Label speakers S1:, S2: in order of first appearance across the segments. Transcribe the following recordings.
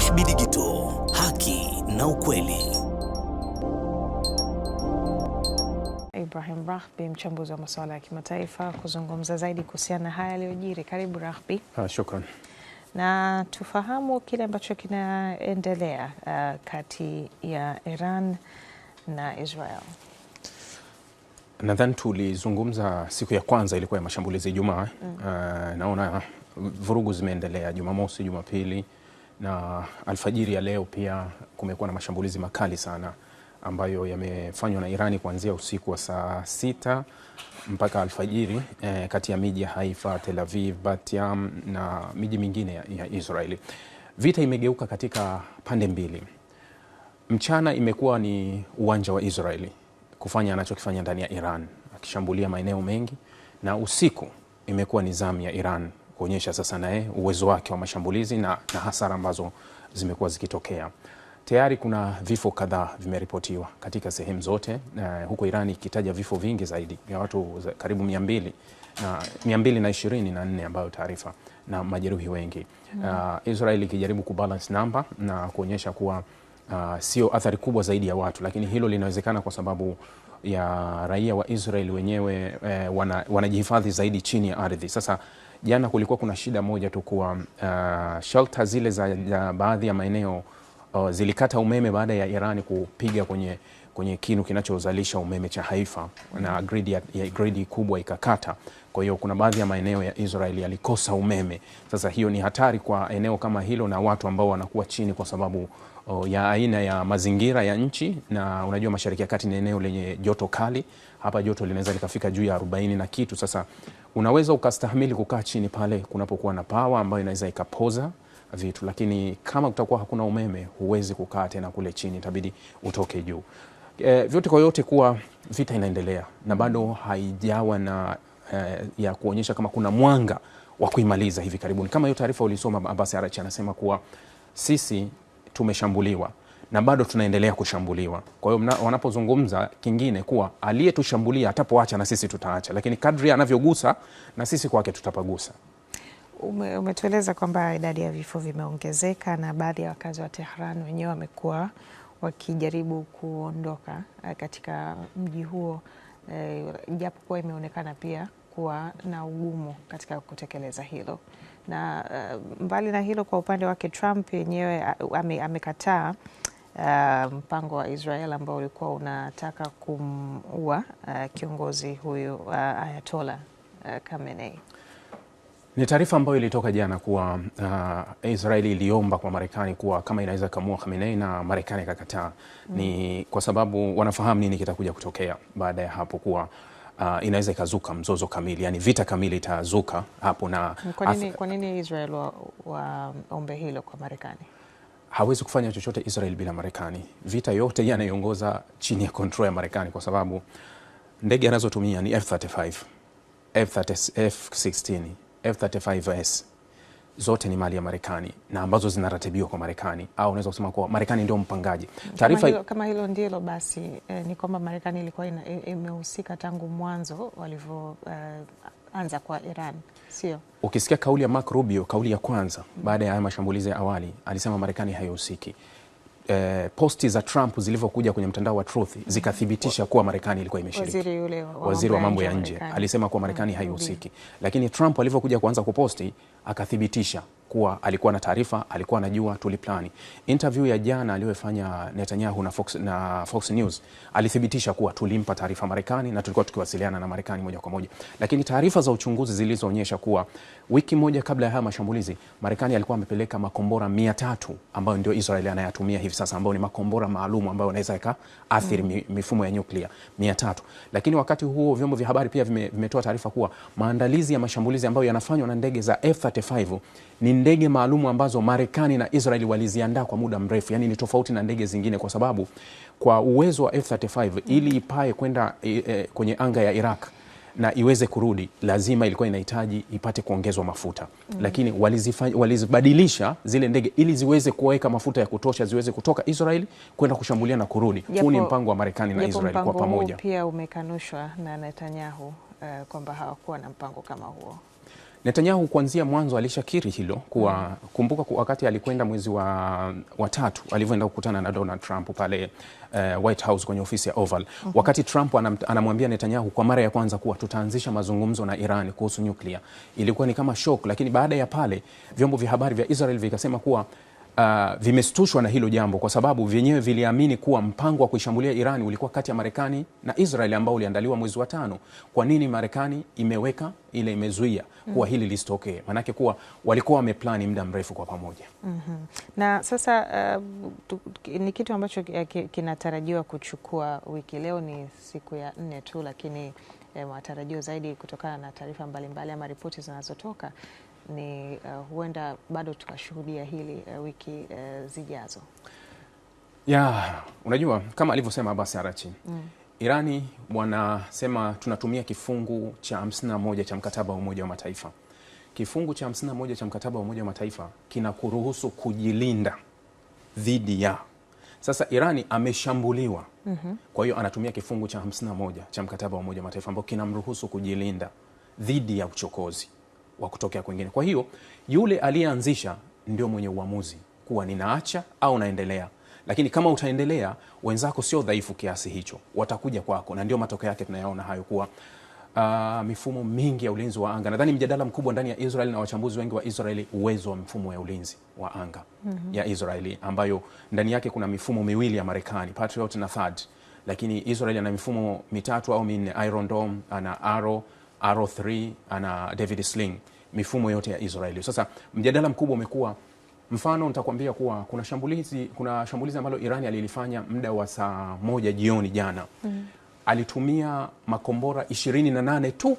S1: Rahby Digital, haki na ukweli. Ibrahim Rahby, mchambuzi wa masuala ya kimataifa, kuzungumza zaidi kuhusiana na haya yaliyojiri. Karibu Rahby. Ah, shukran. Na tufahamu kile ambacho kinaendelea uh, kati ya Iran na Israel.
S2: Nadhani tulizungumza siku ya kwanza ilikuwa ya mashambulizi Ijumaa. mm. Uh, naona vurugu zimeendelea Jumamosi, Jumapili na alfajiri ya leo pia kumekuwa na mashambulizi makali sana ambayo yamefanywa na Irani kuanzia usiku wa saa sita mpaka alfajiri eh, kati ya miji ya Haifa, Tel Aviv, Bat Yam na miji mingine ya, ya Israeli. Vita imegeuka katika pande mbili. Mchana imekuwa ni uwanja wa Israeli kufanya anachokifanya ndani ya Iran, akishambulia maeneo mengi, na usiku imekuwa ni zamu ya Iran kuonyesha sasa naye uwezo wake wa mashambulizi na, na hasara ambazo zimekuwa zikitokea. Tayari kuna vifo kadhaa vimeripotiwa katika sehemu zote uh, huko Iran ikitaja vifo vingi zaidi vya watu za karibu mia mbili na mia mbili na ishirini na nne ambayo taarifa na majeruhi wengi uh, Israel ikijaribu kubalance namba na kuonyesha kuwa uh, sio athari kubwa zaidi ya watu, lakini hilo linawezekana kwa sababu ya raia wa Israel wenyewe eh, wana, wanajihifadhi zaidi chini ya ardhi sasa Jana kulikuwa kuna shida moja tu kuwa uh, shelter zile za, za baadhi ya maeneo uh, zilikata umeme baada ya Irani kupiga kwenye kwenye kinu kinachozalisha umeme cha Haifa na gridi, ya, ya gridi kubwa ikakata. Kwa hiyo kuna baadhi ya maeneo ya Israel yalikosa umeme. Sasa hiyo ni hatari kwa eneo kama hilo na watu ambao wanakuwa chini kwa sababu o, ya aina ya mazingira ya nchi, na unajua Mashariki ya Kati ni eneo lenye joto kali. Hapa joto linaweza likafika juu ya 40 na kitu. Sasa unaweza ukastahimili kukaa chini pale kunapokuwa na pawa ambayo inaweza ikapoza vitu lakini kama kutakuwa hakuna umeme, huwezi kukaa tena kule chini, itabidi utoke juu. E, vyote kwa yote kuwa vita inaendelea na bado haijawa na e, ya kuonyesha kama kuna mwanga wa kuimaliza hivi karibuni. Kama hiyo taarifa ulisoma, Abbas Arachi anasema kuwa sisi tumeshambuliwa na bado tunaendelea kushambuliwa. Kwa hiyo wanapozungumza kingine kuwa aliyetushambulia atapoacha na sisi tutaacha, lakini kadri anavyogusa na sisi kwake tutapagusa.
S1: Ume, umetueleza kwamba idadi ya vifo vimeongezeka na baadhi ya wakazi wa Tehran wenyewe wamekuwa wakijaribu kuondoka eh, katika mji huo, eh, ijapokuwa e, imeonekana pia kuwa na ugumu katika kutekeleza hilo. Na uh, mbali na hilo, kwa upande wake Trump yenyewe amekataa uh, mpango wa Israel ambao ulikuwa unataka kumua uh, kiongozi huyu uh, Ayatollah uh, Khamenei.
S2: Ni taarifa ambayo ilitoka jana kuwa uh, Israeli iliomba kwa Marekani kuwa kama inaweza kamua Khamenei na Marekani akakataa. Mm. Ni kwa sababu wanafahamu nini kitakuja kutokea baada ya hapo kuwa uh, inaweza ikazuka mzozo kamili, yani vita kamili itazuka hapo. Na
S1: kwa nini, kwa nini Israel waombe wa hilo kwa Marekani?
S2: Hawezi kufanya chochote Israel bila Marekani. Vita yote yanayoongoza chini ya control ya Marekani kwa sababu ndege anazotumia ni F35, F16 F35s zote ni mali ya Marekani na ambazo zinaratibiwa kwa Marekani au unaweza kusema kuwa Marekani ndio mpangaji.
S1: Taarifa kama, kama hilo ndilo basi eh, ni kwamba Marekani ilikuwa imehusika tangu mwanzo walivyoanza eh, kwa Iran, sio?
S2: Ukisikia kauli ya Mark Rubio, kauli ya kwanza baada ya haya mashambulizi ya awali, alisema Marekani haihusiki eh, posti za Trump zilivyokuja kwenye mtandao wa Truth zikathibitisha kuwa Marekani ilikuwa imeshiriki.
S1: Waziri yule wa waziri wa mambo ya nje
S2: alisema kuwa Marekani mm, haihusiki, lakini Trump alivyokuja kuanza kuposti akathibitisha kuwa alikuwa na taarifa, alikuwa anajua, tuliplani. Interview ya jana aliyofanya Netanyahu na Fox, na Fox News alithibitisha kuwa tulimpa taarifa Marekani na tulikuwa tukiwasiliana na Marekani moja kwa moja, lakini taarifa za uchunguzi zilizoonyesha kuwa wiki moja kabla ya haya mashambulizi Marekani alikuwa amepeleka makombora mia tatu ambayo ndio Israeli anayatumia hivi sasa, ambayo ni makombora maalum ambayo anaweza yakaathiri mifumo ya nyuklia mia tatu. Lakini wakati huo vyombo vya habari pia vimetoa taarifa kuwa maandalizi ya mashambulizi ambayo yanafanywa na ndege za F35 ni ndege maalum ambazo Marekani na Israel waliziandaa kwa muda mrefu, yani ni tofauti na ndege zingine, kwa sababu kwa uwezo wa F35 ili ipae kwenda e, e, kwenye anga ya Iraq na iweze kurudi lazima ilikuwa inahitaji ipate kuongezwa mafuta mm. Lakini walizibadilisha zile ndege ili ziweze kuweka mafuta ya kutosha ziweze kutoka Israel kwenda kushambulia na kurudi. Huu ni mpango wa Marekani na Israel kwa pamoja.
S1: Pia umekanushwa na Netanyahu uh, kwamba hawakuwa na mpango kama huo.
S2: Netanyahu kuanzia mwanzo alishakiri hilo kuwa, kumbuka wakati alikwenda mwezi wa, wa tatu alivyoenda kukutana na Donald Trump pale uh, White House kwenye ofisi ya Oval mm -hmm. Wakati Trump anam, anamwambia Netanyahu kwa mara ya kwanza kuwa tutaanzisha mazungumzo na Iran kuhusu nyuklia, ilikuwa ni kama shock, lakini baada ya pale vyombo vya habari vya Israel vikasema kuwa uh, vimestushwa na hilo jambo kwa sababu vyenyewe viliamini kuwa mpango wa kuishambulia Irani ulikuwa kati ya Marekani na israel ambao uliandaliwa mwezi wa tano. Kwa nini Marekani imeweka ile imezuia kuwa hili lisitokee? Maanake kuwa walikuwa wameplani muda mrefu kwa pamoja. mm -hmm.
S1: Na sasa uh, ni kitu ambacho kinatarajiwa kuchukua wiki. Leo ni siku ya nne tu, lakini eh, matarajio zaidi kutokana na taarifa mbalimbali ama ripoti zinazotoka ni uh, huenda bado tukashuhudia hili uh, wiki uh, zijazo.
S2: Ya, unajua kama alivyosema Abbas Arachi mm. Irani wanasema tunatumia kifungu cha 51 cha mkataba wa Umoja wa Mataifa. Kifungu cha 51 cha mkataba wa Umoja wa Mataifa kinakuruhusu kujilinda dhidi ya sasa Irani ameshambuliwa mm -hmm. Kwa hiyo anatumia kifungu cha 51 cha mkataba wa Umoja Mataifa ambao kinamruhusu kujilinda dhidi ya uchokozi wa kutokea kwingine. Kwa hiyo yule aliyeanzisha ndio mwenye uamuzi kuwa ninaacha au naendelea, lakini kama utaendelea, wenzako sio dhaifu kiasi hicho, watakuja kwako, na ndio matokeo yake tunayaona hayo kuwa uh, mifumo mingi ya ulinzi wa anga. Nadhani mjadala mkubwa ndani ya Israeli na wachambuzi wengi wa Israeli uwezo wa mfumo ya ulinzi wa anga mm -hmm. ya Israeli ambayo ndani yake kuna mifumo miwili ya Marekani, Patriot na THAAD, lakini Israeli ana mifumo mitatu au minne: Iron Dome, ana Arrow, Arrow 3, ana David Sling, mifumo yote ya Israeli. Sasa mjadala mkubwa umekuwa Mfano, nitakwambia kuwa kuna shambulizi kuna shambulizi ambalo Irani alilifanya muda wa saa moja jioni jana mm alitumia makombora 28 tu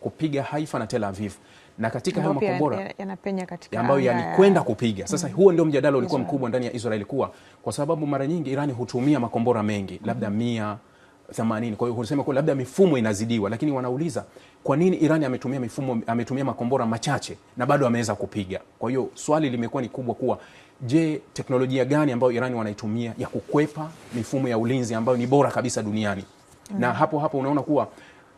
S2: kupiga Haifa na Tel Aviv na katika hayo makombora yanapenya katika ambayo yalikwenda kupiga mm. sasa. mm Huo ndio mjadala ulikuwa mkubwa ndani ya Israel, kuwa kwa sababu mara nyingi Irani hutumia makombora mengi mm. labda mia themanini. Kwa hiyo husema kuwa labda mifumo inazidiwa, lakini wanauliza kwa nini Irani ametumia mifumo, ametumia makombora machache na bado ameweza kupiga. Kwa hiyo swali limekuwa ni kubwa kuwa je, teknolojia gani ambayo Irani wanaitumia ya kukwepa mifumo ya ulinzi ambayo ni bora kabisa duniani? na hapo hapo unaona kuwa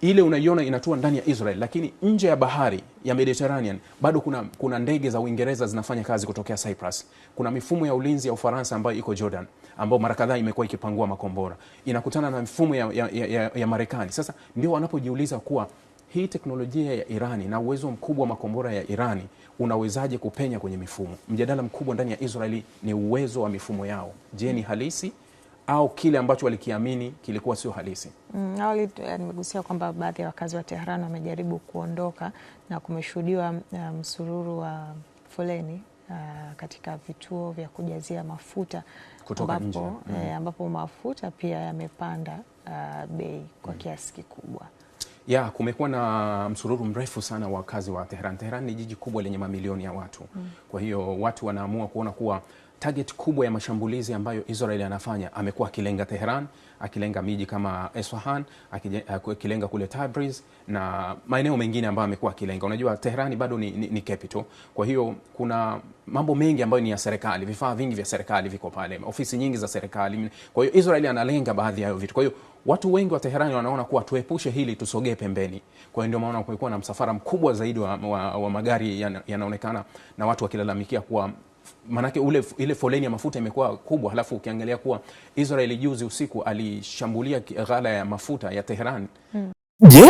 S2: ile unaiona inatua ndani ya Israel, lakini nje ya bahari ya Mediterranean bado kuna, kuna ndege za Uingereza zinafanya kazi kutokea Cyprus. Kuna mifumo ya ulinzi ya Ufaransa ambayo iko Jordan, ambayo mara kadhaa imekuwa ikipangua makombora, inakutana na mifumo ya, ya, ya, ya Marekani. Sasa ndio wanapojiuliza kuwa hii teknolojia ya Irani na uwezo mkubwa wa makombora ya Irani unawezaje kupenya kwenye mifumo? Mjadala mkubwa ndani ya Israeli ni uwezo wa mifumo yao. Je, ni halisi au kile ambacho walikiamini kilikuwa sio halisi.
S1: Mm, awali eh, nimegusia kwamba baadhi ya wakazi wa Tehran wamejaribu kuondoka na kumeshuhudiwa eh, msururu wa foleni uh, katika vituo vya kujazia mafuta kutoka ambapo, nje. Mm. E, ambapo mafuta pia yamepanda uh, bei kwa mm, kiasi kikubwa
S2: ya kumekuwa na msururu mrefu sana wa wakazi wa Tehran. Tehran ni jiji kubwa lenye mamilioni ya watu mm. Kwa hiyo watu wanaamua kuona kuwa target kubwa ya mashambulizi ambayo Israel anafanya, amekuwa akilenga Tehran, akilenga miji kama Esfahan, akilenga kule Tabriz na maeneo mengine ambayo amekuwa akilenga. Unajua Tehran bado ni, ni, ni capital. Kwa hiyo kuna mambo mengi ambayo ni ya serikali, vifaa vingi vya serikali viko pale, ofisi nyingi za serikali. Kwa hiyo Israel analenga baadhi ya hayo vitu. Kwa hiyo watu wengi wa Teherani wanaona kuwa tuepushe hili, tusogee pembeni. Kwa hiyo ndio maana kumekuwa na msafara mkubwa zaidi wa, wa, wa magari yanaonekana na watu wakilalamikia kuwa maanake ule ile foleni ya mafuta imekuwa kubwa, halafu ukiangalia kuwa Israeli juzi usiku alishambulia ghala ya mafuta ya Tehran.
S3: Je,